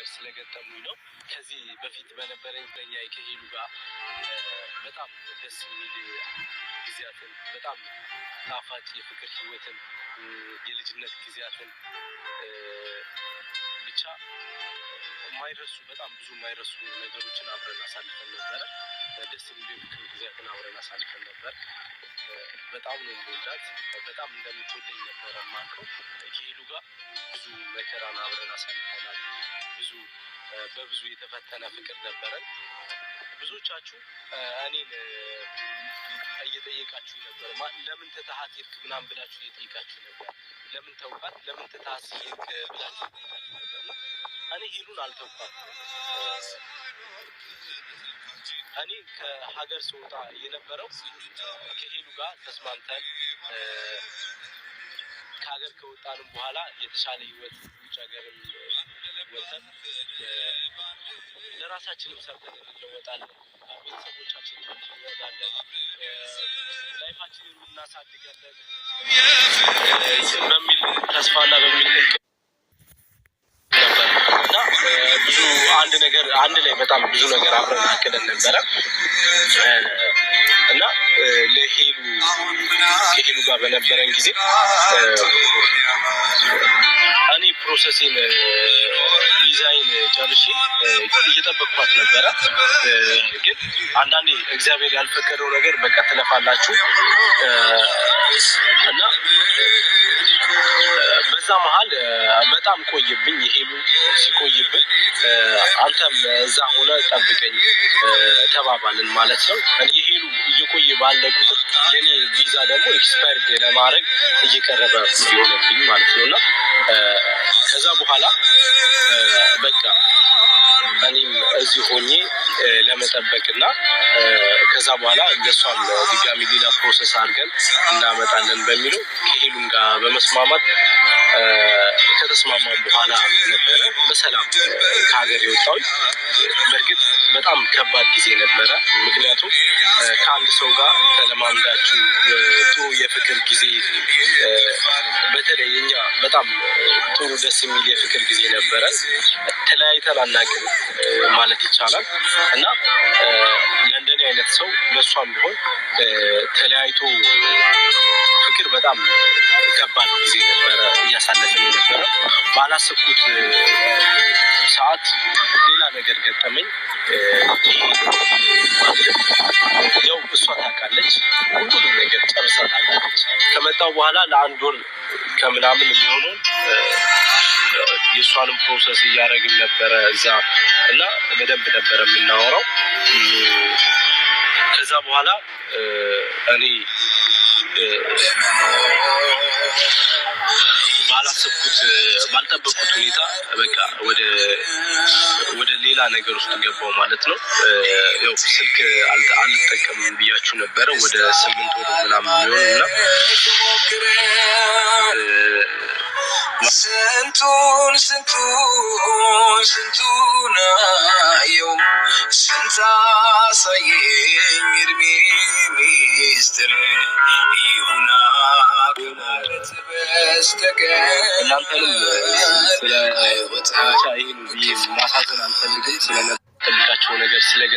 ነገር ስለገጠሙኝ ነው። ከዚህ በፊት በነበረኝ በኛ ከሄዱ ጋር በጣም ደስ የሚል ጊዜያትን በጣም ጣፋጭ የፍቅር ህይወትን የልጅነት ጊዜያትን ብቻ የማይረሱ በጣም ብዙ የማይረሱ ነገሮችን አብረን አሳልፈን ነበረ። ደስ የሚል የፍቅር ጊዜያትን አብረን አሳልፈን ነበር። በጣም ነው የሚወዳት፣ በጣም እንደምትወደኝ ነበረ ማቀው ከሄሉ ጋር ብዙ መከራን አብረን አሳልፈናል። ብዙ በብዙ የተፈተነ ፍቅር ነበረን። ብዙዎቻችሁ እኔን እየጠየቃችሁ ነበር፣ ለምን ትተሃት ሄድክ ምናምን ብላችሁ እየጠየቃችሁ ነበር። ለምን ተውቃት፣ ለምን ትተሃት ሄድክ ብላችሁ እኔ ሄሉን አልተውቃት። እኔ ከሀገር ስወጣ የነበረው ከሄሉ ጋር ተስማምተን ከሀገር ከወጣንም በኋላ የተሻለ ህይወት ውጭ ሀገርም ወጥተን ለራሳችንም ሰርተን እንለወጣለን፣ ቤተሰቦቻችን እንለወጣለን፣ ላይፋችንን እናሳድጋለን በሚል ተስፋና በሚል ብዙ አንድ ነገር አንድ ላይ በጣም ብዙ ነገር አብረን አክለን ነበረ እና ለሄሉ ከሄሉ ጋር በነበረን ጊዜ እኔ ፕሮሰሴን ዲዛይን ጨርሼ እየጠበቅኳት ነበረ። ግን አንዳንዴ እግዚአብሔር ያልፈቀደው ነገር በቃ ትለፋላችሁ እና በዛ መሀል በጣም ቆይብኝ። ይሄም ሲቆይብን አንተም እዛ ሆነ ጠብቀኝ ተባባልን ማለት ነው። ይሄሉ እየቆየ ባለ ቁጥር የኔ ቪዛ ደግሞ ኤክስፐርድ ለማድረግ እየቀረበ ሲሆነብኝ ማለት ነው እና ከዛ በኋላ በቃ እኔ እዚህ ሆኜ ለመጠበቅና ከዛ በኋላ እንደሷም ድጋሚ ሌላ ፕሮሰስ አድርገን እናመጣለን በሚለው ከሄሉም ጋር በመስማማት ከተስማማ በኋላ ነበረ በሰላም ከሀገር የወጣሁኝ። በእርግጥ በጣም ከባድ ጊዜ ነበረ። ምክንያቱም ከአንድ ሰው ጋር ተለማምዳችሁ የፍቅር ጊዜ በተለይ እኛ በጣም ጥሩ ደስ የሚል የፍቅር ጊዜ ነበረ። ተለያይተን አናውቅም ማለት ይቻላል እና ለእንደኔ አይነት ሰው ለእሷም ቢሆን ተለያይቶ ፍቅር በጣም ከባድ ጊዜ ነበረ እያሳለፍን ነበረ። ባላሰብኩት ሰዓት ሌላ ነገር ገጠመኝ። ያው እሷ ታውቃለች፣ ሁሉንም ነገር ጨርሳ ታውቃለች። ከመጣው በኋላ ለአንድ ወር ከምናምን የሚሆኑ የእሷንም ፕሮሰስ እያደረግን ነበረ እዛ እና በደንብ ነበረ የምናወራው። ከዛ በኋላ እኔ ባላሰብኩት ባልጠበቅኩት ሁኔታ በቃ ወደ ወደ ሌላ ነገር ውስጥ ገባው ማለት ነው። ያው ስልክ አልጠቀምም ብያችሁ ነበረ ወደ ስምንት ወር ምናምን ሊሆን እና ስንቱን ስንቱን ስንቱን አየው ስንት አሳየኝ እድሜ ሚስጥር በስተቀር ስለ ማሳዘን አንፈልግም።